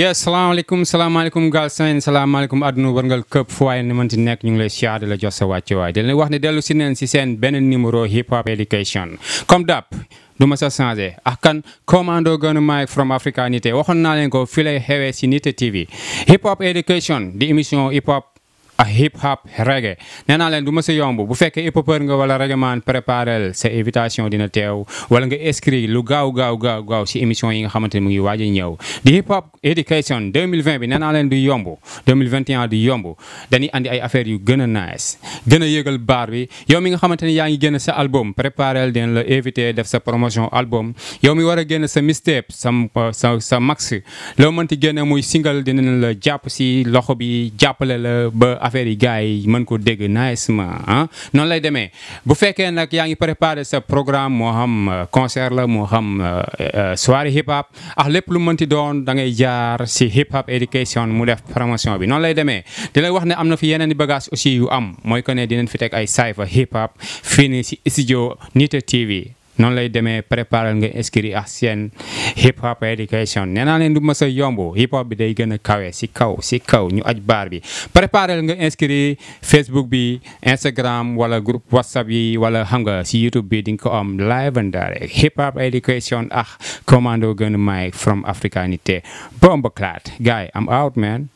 yes salaamaaleykum salaamaaleykum Galsen salaamaaleykum àdduna wërngal këpp fu waaye ni mënti nekk ñu ngi lay siyaar di la jox sa wàcce waay di leen wax ne dellu si neen si seen beneen numéro hip hop education comme dap du ma sa changé ak kan commando gënu maay from Africa nité waxoon naa leen ko fii xewee si nité TV hip hop education di émission hip hop. ak hip hop reggae nee leen du ma yomb bu fekkee hip hopeur nga wala reggae man préparel sa invitation dina teew wala nga inscrit lu gaaw gaaw gaaw gaaw si émission yi nga xamante ne mu ngi waaj a ñëw di hip hop education bi nee naa leen du yomb du yomb dañuy andi ay affaires yu gën a nice gën a yëgal baar bi yow mi nga xamante ne yaa ngi génn sa album préparel dina la invité def sa promotion album yow mi war a génn sa mixtape sa sa sa max loo mënti génne muy bi jàppale la ba affaire yi gars yi mën ko dégg nicement ah noonu lay demee bu fekkee nag yaa ngi préparé sa programme moo xam euh, concert la moo xam euh, euh, soirée hip hop ah lépp lu mënti doon da ngay jaar si hip hop education mu def promotion bi noonu lay demee di lay wax ne am na fi yeneen i bagage aussi yu am mooy que ne dinañ fi teg ay cypher hip hop fii nii si studio Nita TV noonu lay demee préparé nga inscrit ak seen hip hop education nee naa leen du mës a yomb hip hop bi day gën a kawe si kaw si kaw ñu aj baar bi préparé nga inscrit Facebook bi Instagram wala group WhatsApp bi wala xam nga si YouTube bi di nga ko am live and direct hip hop education ah commando gën a from africanité bomba claat gars yi am out man